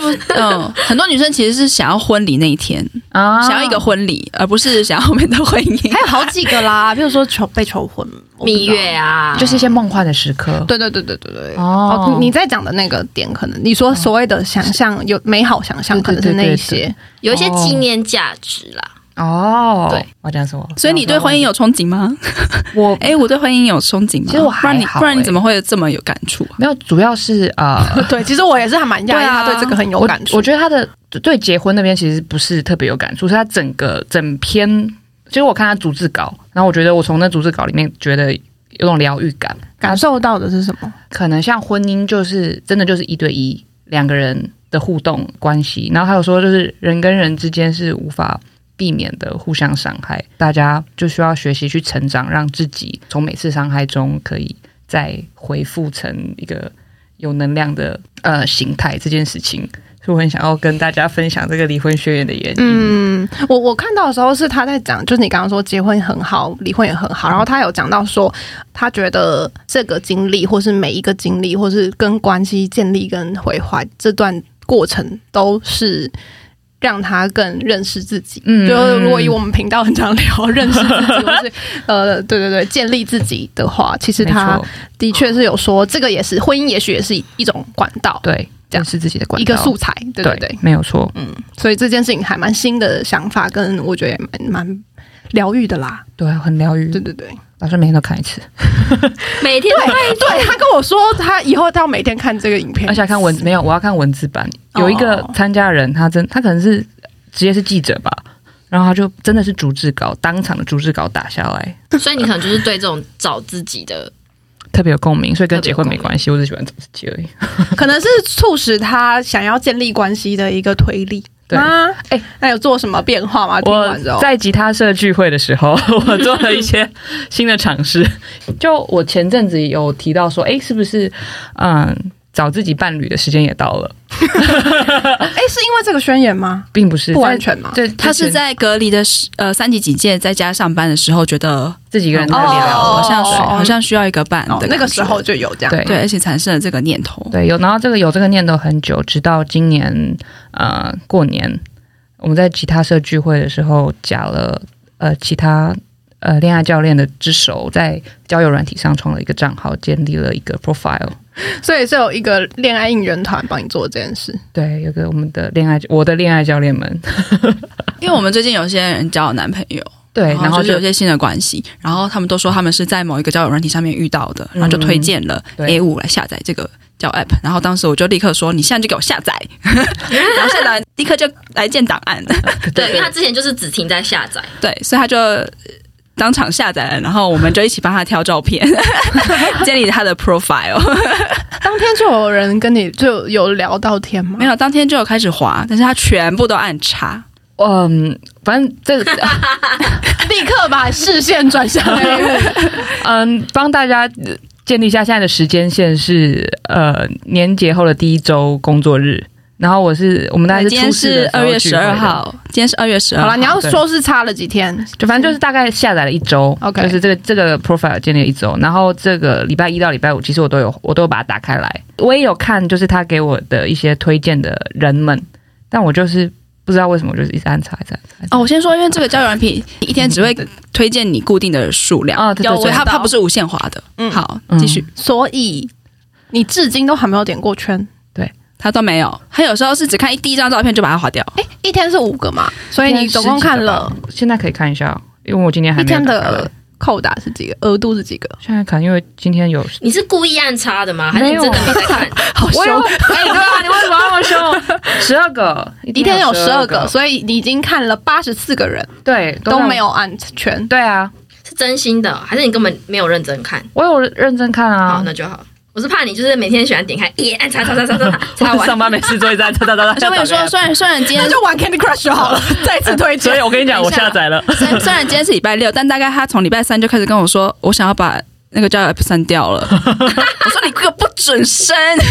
不， <laughs> 嗯，很多女生其實是想要婚禮那一天、oh. 想要一個婚禮，而不是想要後面的婚姻。還有好幾個啦，比 <laughs> 如說求，被求婚、蜜月啊，就是一些夢幻的時刻。對對對對對對。Oh. 哦，你在講的那個點，可能你說所謂的想象、oh. 有美好想象，可能那些是對對對對對有一些紀念價值啦。Oh. 嗯哦、oh,，對，我講錯。所以你對婚姻有憧憬嗎？我哎、 <laughs> 欸，我對婚姻有憧憬嗎？其實我還好、欸不，不然你怎麼會這麼有感觸、啊？沒有，主要是啊，呃、 <laughs> 對，其實我也是還蠻訝異、啊，他對這個很有感觸。我,我覺得他的對結婚那邊其實不是特別有感觸，是他整個整篇，其實我看他逐字稿，然後我覺得我從那逐字稿裡面覺得有種療癒感，感受到的是什麼？可能像婚姻就是真的就是一對一兩個人的互動關係，然後還有說就是人跟人之間是無法。避免的互相傷害，大家就需要學習去成長，讓自己從每次傷害中可以再恢復成一個有能量的呃形態。這件事情是我很想要跟大家分享這個離婚宣言的原因。嗯，我我看到的時候是他在講，就是你剛剛說結婚很好，離婚也很好，嗯、然後他有講到說他覺得這個經歷，或是每一個經歷，或是跟關係建立跟毀壞這段過程都是。讓他更認識自己，嗯、就如果以我們頻道很常聊認識自己或，就 <laughs> 是呃，對對對，建立自己的話，其實他的確是有說，這個也是婚姻，也許也是一種管道，對，這樣是自己的管道，一個素材，對，對對、對。沒有錯，嗯，所以這件事情還蠻新的想法，跟我覺得也蠻蠻。蠻療癒的啦，對，很療癒。對對對，打、啊、算每天都看一次， <laughs> 每天看對。對，對他跟我說，他以後他要每天看這個影片，而且看文沒有，我要看文字版。有一個參加人，他真，他可能是職業是記者吧，然後他就真的是逐字稿，當場的逐字稿打下來。所以你可能就是對這種找自己的 <laughs> 特別有共鳴，所以跟結婚沒關係，我只喜歡找自己而已。 <laughs> 可能是促使他想要建立關係的一個推力。啊，哎、欸，那有做什麼變化嗎？我在吉他社聚會的時候， <laughs> 我做了一些新的嘗試。就我前陣子有提到說，哎、欸，是不是，嗯。找自己伴侶的時間也到了 <laughs> 哎，是因為這個宣言嗎？並不是，不安全嗎？對，他是在隔離的呃三級警戒在家上班的時候，覺得自己一個人無聊，哦哦哦哦哦哦哦好像需要，哦哦哦哦哦哦哦好像需要一個伴。哦哦哦哦哦哦那個時候就有這樣對，對，而且產生了這個念頭。對，有，然後這個有這個念頭很久，直到今年呃過年，我們在吉他社聚會的時候，假了呃其他呃戀愛教練的之手，在交友軟體上創了一個賬號，建立了一個 profile。所以是有一個戀愛應援團幫你做這件事，對，有個我們的戀愛，我的戀愛教練們，因為我們最近有些人交了男朋友，對，然後就有些新的關係，然後他們都說他們是在某一個交友軟體上面遇到的，嗯、然後就推薦了欸五來下載這個叫 app，然後當時我就立刻說，你現在就給我下載， <laughs> yeah. 然後下載立刻就來建檔案，對，因為他之前就是只停在下載，對，所以他就。當場下載了，然後我們就一起幫他挑照片， <laughs> <laughs> 建立他的 profile。 <laughs> 當天就有人跟你就有聊到天嗎？沒有，當天就有開始滑，但是他全部都按叉。嗯，反正這 <laughs> <laughs> 立刻把視線轉向。 <laughs> 嗯，幫大家建立一下現在的時間線是呃年節後的第一周工作日。然後我是我們大概今天是二月十二號，今天是二月十二。好了，你要說是差了幾天，就反正就是大概下載了一周，OK，就是這個這個 profile 建立了一周，okay. 然後這個禮拜一到禮拜五，其實我都有，我都有把它打開來，我也有看，就是他給我的一些推薦的人們，但我就是不知道為什麼，我就是一直按叉，一直按叉。哦，我先說，因為這個交友軟體一天只會推薦你固定的數量哦，對對對，對，它它不是無限滑的。嗯，好，繼續。嗯，所以你至今都還沒有點過圈。他都沒有，他有時候是只看一第一張照片就把它劃掉。哎、欸，一天是五個嘛？所以你總共看了。現在可以看一下，因為我今天還一天的扣打是幾個？額度是幾個？現在看，因為今天有。你是故意按叉的嗎？還是你真的沒在看？ <laughs> 好凶！哎，對、 <laughs> 欸、啊，你為什麼那麼凶？十 <laughs> 二個，一天有十二個，所以你已經看了八十四個人，對都，都沒有安全。對啊，是真心的，還是你根本沒有認真看？我有認真看啊。好，那就好。我是怕你，就是每天喜歡點開，耶，叉叉叉叉，擦擦，玩。上班沒事做一直按叉叉叉，所以我說，雖然雖然今天就玩 Candy Crush 好了， <laughs> 再次推薦。所以我跟你講，我下載了。雖然雖然今天是禮拜六，但大概他從禮拜三就開始跟我說， <laughs> 我想要把那個叫 App 刪掉了。 <laughs> 我說你可不准刪。 <laughs> 為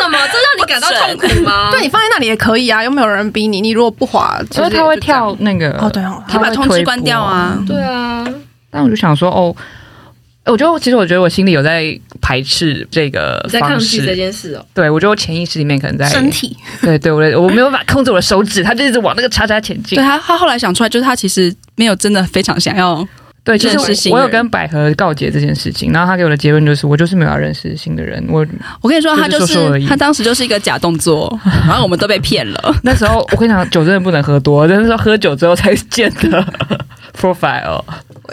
什麼？這讓你感到痛苦嗎？ <laughs> 對，你放在那裡也可以啊，又沒有人逼你。你如果不滑其實，因為他會跳那個。哦對哦，他，他把通知關掉啊。對啊。但我就想說，哦。我覺得，我其實我覺得我心裡有在排斥這個，在抗拒這件事哦。對，我覺得我潛意識裡面可能在身體。對，對,對，對我我沒有辦法控制我的手指， <laughs> 他就一直往那個叉叉前進。對，他他後來想出來，就是他其實沒有真的非常想要。對，就是我，我，我有跟百合告解這件事情，然後他給我的結論就是，我就是沒有要認識新的人。我我跟你說，就是、說說他就是她當時就是一個假動作， <laughs> 然後我們都被騙了。 <laughs> 那時候我跟你講，酒真的不能喝多，但是說喝酒之後才建的 profile。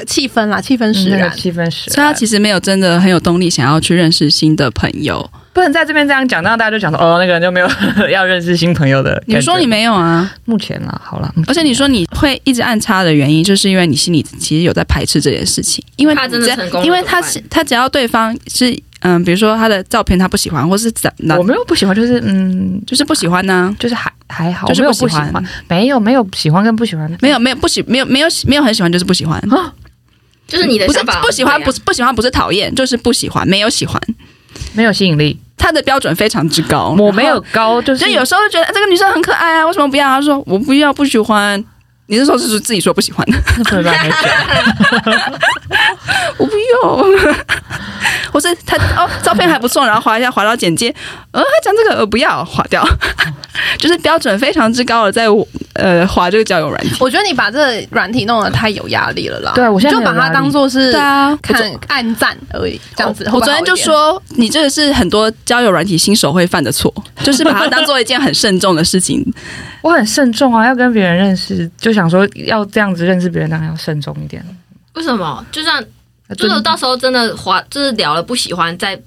氣氛啦，氣氛使然，嗯那個、氣氛使然。所以他其實沒有真的很有動力想要去認識新的朋友。不能在這邊這樣講，那大家就講說哦，那個人就沒有呵呵要認識新朋友的。你說你沒有啊？目前啦，好了。而且你說你會一直按叉的原因，就是因為你心裡其實有在排斥這件事情，因為只真的因為他是他只要對方是嗯，比如說他的照片他不喜歡，或是怎？我沒有不喜歡，就是嗯，就是不喜歡呢、啊，就是還還好，就是不喜歡，沒有,沒有,沒有,沒有喜歡跟不喜歡，沒有沒有不喜，沒有沒有喜，沒有很喜歡就是不喜歡啊，就是你的不是不喜歡，不是不喜歡不是討厭，就是不喜歡，沒有喜歡。沒有吸引力，他的標準非常之高。我沒有高，就是就有時候就覺得這個女生很可愛啊，為什麼不要？她說我不要，不喜歡。你那時候，是自己說不喜歡的？我不。喲 <laughs> 我是他哦，照片還不錯，然後滑一下，滑到簡介，呃，講這，這個，呃，不要滑掉， <laughs> 就是標準非常之高的，在我呃，滑這個交友軟體。我覺得你把這個軟體弄得太有壓力了啦。對，我現在就把它當做是對啊，看按讚，而已，這樣子會會。我昨天就說，你這個是很多交友軟體新手會犯的錯，就是把它當做一件很慎重的事情。 <laughs> 我很慎重啊，要跟別人認識，就想說要這樣子認識別人，當然要慎重一點。為什麼？就像。或、就、者、是、到時候真的滑就是聊了不喜歡再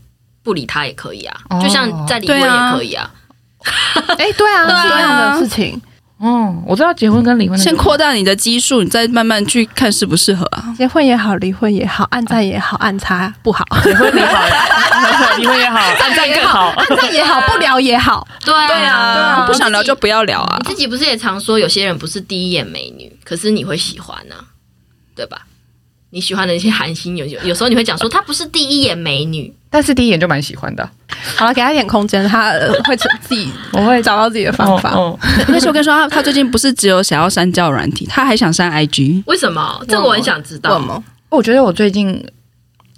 不理他也可以啊，oh, 就像在離婚也可以啊。哎、啊 <laughs> 欸，對啊，這、啊、樣的事情。嗯，我知道結婚跟離婚的。先擴大你的基數，你再慢慢去看適不適合啊。結婚也好，離婚也好，按讚也好，按讚不好。結婚也好，離 <laughs> 婚也好，按讚更好，按 <laughs> 讚也好， <laughs> 也好、啊，不聊也好。對啊，對啊對啊對啊，不想聊就不要聊啊。你自己不是也常說有些人不是第一眼美女，可是你會喜歡呢、啊，對吧？你喜歡的一些韓星有有，有時候你會講說他不是第一眼美女，但是第一眼就蠻喜歡的。好了，給他一點空間，他、呃、會自己 <laughs> 我會找到自己的方法。嗯、哦，而且我跟你說他，他最近不是只有想要刪交友軟體，他還想刪 IG。為什麼？這個我很想知道。為什麼？我覺得我最近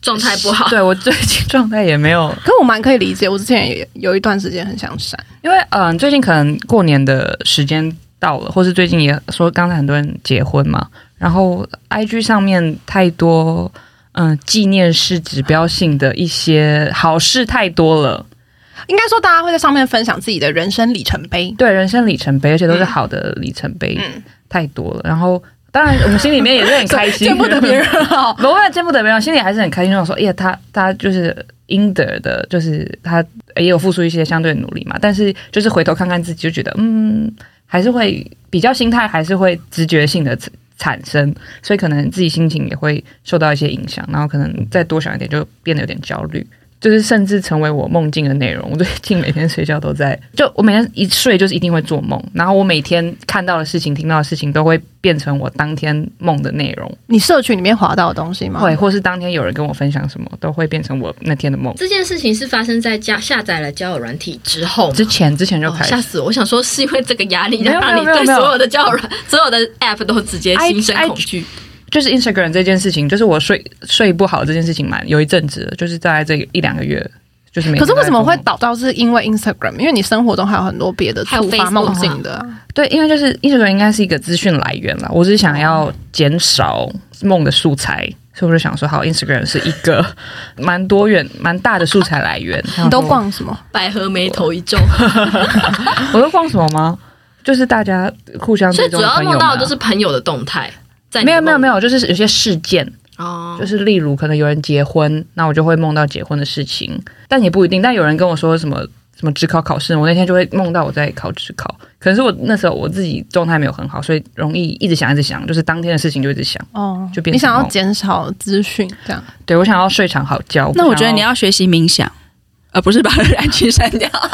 狀態不好。對，我最近狀態也沒有，可我蠻可以理解。我之前也有一段時間很想刪，因為嗯、呃，最近可能過年的時間到了，或是最近也說剛才很多人結婚嘛。然後，IG 上面太多嗯紀、呃、念式，指標性的一些好事太多了，應該說大家會在上面分享自己的人生里程碑。對，人生里程碑，而且都是好的里程碑，嗯、太多了。然後，當然我們心裡面也是很開心，嗯、 <laughs> 見不得別人好，我們見不得別人好，心裡還是很開心。就想、是、說，耶，他他就是應得的，就是他也有付出一些相對的努力嘛。但是，就是回頭看看自己，就覺得嗯，還是會比較心態，還是會直覺性的。產生，所以可能自己心情也會受到一些影響，然後可能再多想一點就變得有點焦慮。就是甚至成為我夢境的內容。我最近每天睡覺都在，就我每天一睡就是一定會做夢，然後我每天看到的事情、聽到的事情都會變成我當天夢的內容。你社群裡面滑到的東西嗎？會，或是當天有人跟我分享什麼，都會變成我那天的夢。這件事情是發生在家下載了交友軟體之後，之前，之前就開始。哦，嚇死我。我想說是因為這個壓力讓你對所有的交友軟所有的 App 都直接心生恐懼。I, I... 就是 Instagram 這件事情，就是我睡睡不好這件事情，蠻有一陣子的，就是在這一兩個月，就是沒。可是為什麼會導到是因為 Instagram？因為你生活中還有很多別的，的，還無法夢境的、啊。對，因為就是 Instagram 應該是一個資訊來源啦。我是想要減少夢的素材、嗯，所以我就想說好，好，Instagram 是一個蠻多元、蠻 <laughs> 大的素材來源。你都逛什麼？百合眉頭一皺。 <laughs> 我都逛什麼嗎？就是大家互相最主要夢到的都是朋友的動態。沒有沒有沒有，就是有些事件，哦。就是例如可能有人結婚，那我就會夢到結婚的事情。但也不一定。但有人跟我說什麼什麼指考考試，我那天就會夢到我在考指考。可是我那時候我自己狀態沒有很好，所以容易一直想一直想，就是當天的事情就一直想，哦、就變成。你想要減少資訊這樣？對，我想要睡場好覺。那我覺得你要學習冥想，而不是把垃圾刪掉。 <laughs> <laughs>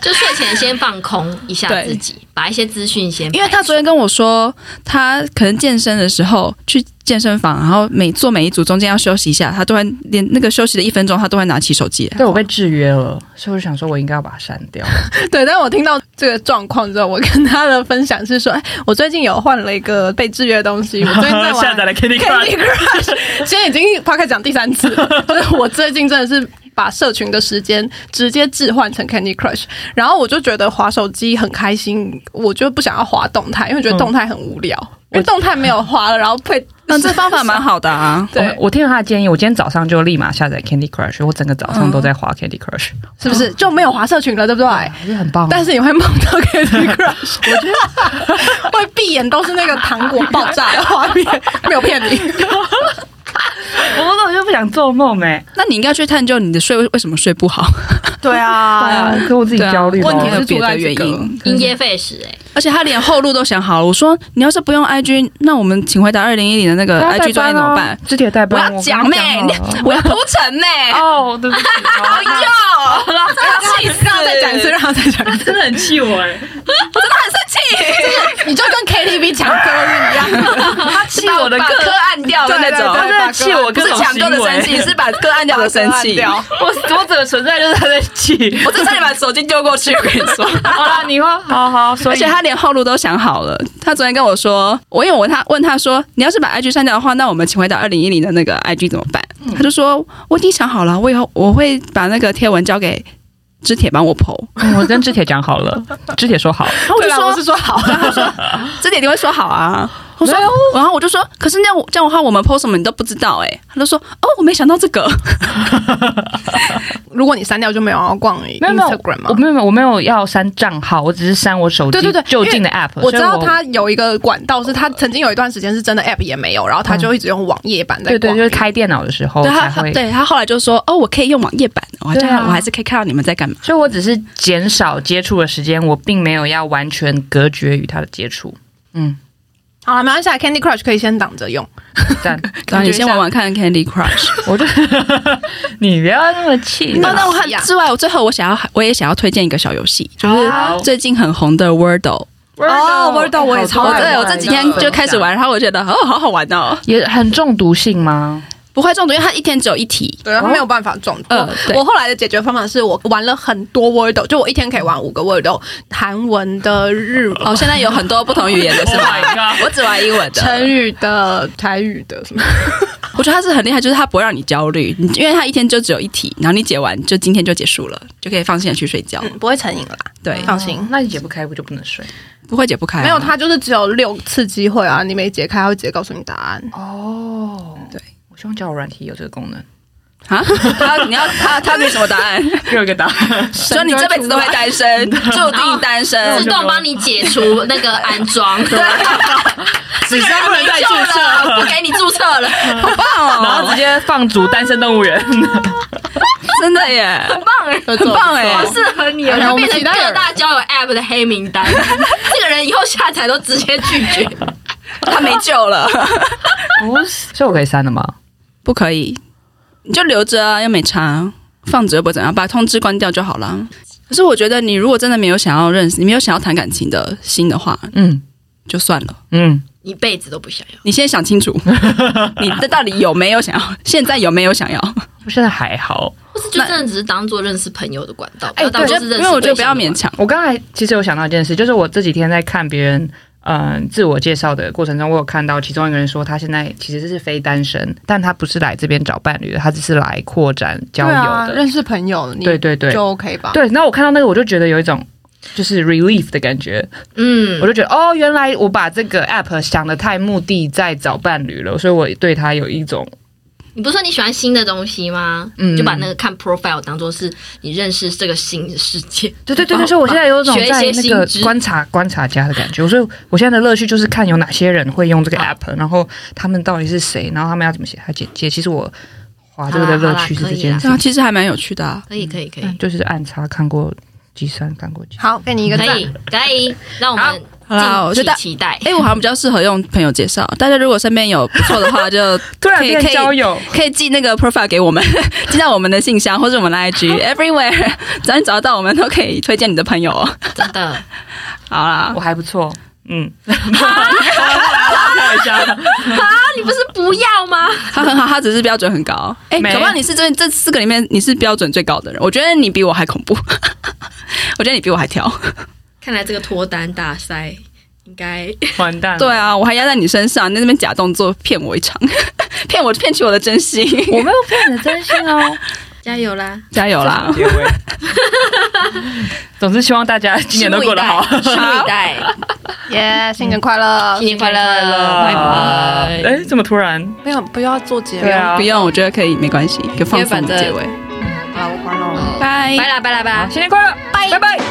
就睡前先放空一下自己，把一些資訊先。因為他昨天跟我說，他可能健身的時候去健身房，然後每做每一組中間要休息一下，他都會連那個休息的一分鐘，他都會拿起手機。對，我被制約了，所以我就想說我應該要把它刪掉。 <laughs> 對，但我聽到這個狀況之後，我跟他的分享是說，欸，我最近有換了一個被制約的東西，我最近在玩 <laughs> 下載了 Candy Crush，現在 <laughs> 已經拋開講第三次了，就是、我最近真的是。把社群的時間直接置換成 Candy Crush，然後我就覺得滑手機很開心，我就不想要滑動態，因為我覺得動態很無聊。嗯、因為動態沒有滑了，然後配嗯，這方法蠻好的啊。對我，我聽了他的建議，我今天早上就立馬下載 Candy Crush，我整個早上都在滑 Candy Crush，是不是就沒有滑社群了？對不對？還是、嗯、很棒。但是你會夢到 Candy Crush， <laughs> 我覺得會閉眼都是那個糖果爆炸的畫面， <laughs> 沒有騙你。我根本就不想做夢哎、欸，那你應該去探究你的睡為，為什麼睡不好？對啊， <laughs> 對啊，是我自己焦慮、啊、題是別、那個、的原因？因噎廢食哎、欸，而且他連後路都想好了。我說，你要是不用 IG，那我們請回答二零一零的那個 IG 專業怎麼辦？代我要講呢、啊，我要鋪陳哎。哦，對不起，我要氣死，再講一次，讓他再講， <laughs> 再一次 <laughs> <laughs> <laughs> 真的很氣我哎，我真的很氣， <laughs> 你就跟 KTV 搶歌一樣 <laughs> 他氣我，我，我的歌按掉了，對對對真的氣我，歌。是搶歌的生氣， <laughs> 是把歌按掉的生氣。我 <laughs> 我只的存在就是他在氣，我直接把手機丟過去。我跟你說， <laughs> 好了，你說。好好。而且他連後路都想好了。他昨天跟我說，我有問他問他說，你要是把 IG 刪掉的話，那我們請回到二零一零的那個 IG 怎麼辦？嗯、他就說我已經想好了，我以後我會把那個貼文交給。知鐵幫我剖，嗯、我跟知鐵講好了，知 <laughs> 鐵說好 <laughs> 我就說 <laughs> 對，我是說好，知鐵一定會說好啊。我說，然後我就說，可是那這樣這樣的話，我們 post 什麼你都不知道哎、欸。他就說，哦，我沒想到這個。 <laughs> 如果你刪掉就沒有要逛 Instagram 嘛？沒有沒有，我沒有，我沒有要刪賬號，我只是刪我手機。就近的 app，對對對，我知道他有一個管道，是他曾經有一段時間是真的 app 也沒有，然後他就一直用網頁版的、嗯。對，對對，就是開電腦的時候才會對，他，對他後來就說，哦，我可以用網頁版，我這樣我還是可以看到你們在幹嘛、啊。所以我只是減少接觸的時間，我並沒有要完全隔絕與他的接觸。嗯。好了，沒關係，Candy Crush 可以先擋着用。那 <laughs> 你先玩玩看 Candy Crush。我就， <laughs> 你不要那麼氣、 <laughs> 哦。那那我很之外，我最後我想要，我也想要推薦一個小遊戲，就是最近很紅的 Wordle。Wordle 我也超愛、欸。我這幾天就開始玩，然後我覺得哦，好好玩哦。也很中毒性嗎？不會中毒，因為它一天只有一題，對、啊，然後沒有辦法中毒、哦呃。我後來的解決方法是我玩了很多 Wordle 就我一天可以玩五個 Wordle 韓文的日文、日哦，現在有很多不同語言的是嗎，oh、 <laughs> 我只玩英文的、成語的、台語的什麼的。 <laughs> 我覺得他是很厲害，就是他不會讓你焦慮，因為他一天就只有一題，然後你解完就今天就結束了，就可以放心的去睡覺，嗯、不會成癮啦。對、嗯，放心。那你解不開，不就不能睡。不會解不開，沒有，他就是只有六次機會啊，你沒解開，他會直接告訴你答案。哦、oh.，對。交友軟體有這個功能啊？他你要他他給什麼答案？又一個答案，說你這輩子都會單身，嗯，注定單身，自動幫你解除那個安裝。只需要不能再註冊，不給你註冊了，好棒哦！然後直接放逐單身動物園， <laughs> 真的耶，很棒哎，欸，很棒哎，欸，好適合你，然後變成各大交友 App 的黑名單。 <laughs> 這個人以後下載都直接拒絕，他沒救了。不是，所以我可以刪了嗎？不可以，你就留着啊，又沒差、啊，放着又不怎樣，把通知關掉就好了。可是我覺得，你如果真的沒有想要認識，你沒有想要談感情的心的話，嗯，就算了，嗯，一輩子都不想要。你先在想清楚， <laughs> 你這到底有沒有想要？現在有沒有想要？我現在還好，就是就真的只是當做認識朋友的管道。哎，欸、是認識對，因為我覺得不要勉強。我剛才其實有想到一件事，就是我這幾天在看別人。嗯，自我介紹的過程中，我有看到其中一個人說，他現在其實是非單身，但他不是來這邊找伴侶的，他只是來擴展交友的，啊、認識朋友。對對對，就 OK 吧。對，對，對，那我看到那個，我就覺得有一種就是 relief 的感覺。嗯，我就覺得哦，原來我把這個 app 想的太目的在找伴侶了，所以我對他有一種。你不是說你喜歡新的東西嗎？嗯，就把那個看 profile 當作是你認識這個新的世界。對對對對，把把所以我現在有種在那個觀察觀察家的感覺。所以，我現在的樂趣就是看有哪些人會用這個 app，啊、然後他們到底是誰，然後他們要怎麼寫他簡介。其實我滑這個的樂趣是這件事，啊、這其實還蠻有趣的、啊。可以可以可以、嗯，就是按差看過計算看過計算。好，給你一個讚，可以。那 <laughs> 我們。好了，我覺得期待。哎、欸，我好像比較適合用朋友介紹。大 <laughs> 家如果身邊有不錯的話，就 <laughs> 突然可以交友，可以寄那個 profile 給我們，寄到我們的信箱或是我們的 IG <laughs> everywhere。只要你找得到，我們都可以推薦你的朋友。真的，好了，我還不錯。 <laughs> 嗯，哈哈哈哈啊，你不是不要嗎？ <laughs> 他很好，他只是標準很高。哎、欸，恐怕你是這這四個裡面你是標準最高的人。我覺得你比我還恐怖。 <laughs> 我覺得你比我還挑。看來這個脫單大賽應該完蛋了。對啊，我還壓在你身上，在那邊假動作騙我一場，騙我騙取我的真心。我沒有騙你的真心哦， <laughs> 加油啦，加油啦！ <laughs> 總是希望大家今年都過得好。拭目以待，耶 <laughs> ，yeah, 嗯！新年快樂，新年快樂，拜拜！哎、uh, 呃，怎麼突然？不要不要做結尾啊，啊！不用，我覺得可以，沒關係，就放鬆結尾。好、嗯，我關、嗯、了。拜拜了，拜了拜，啦拜啦，新年快樂，拜拜拜。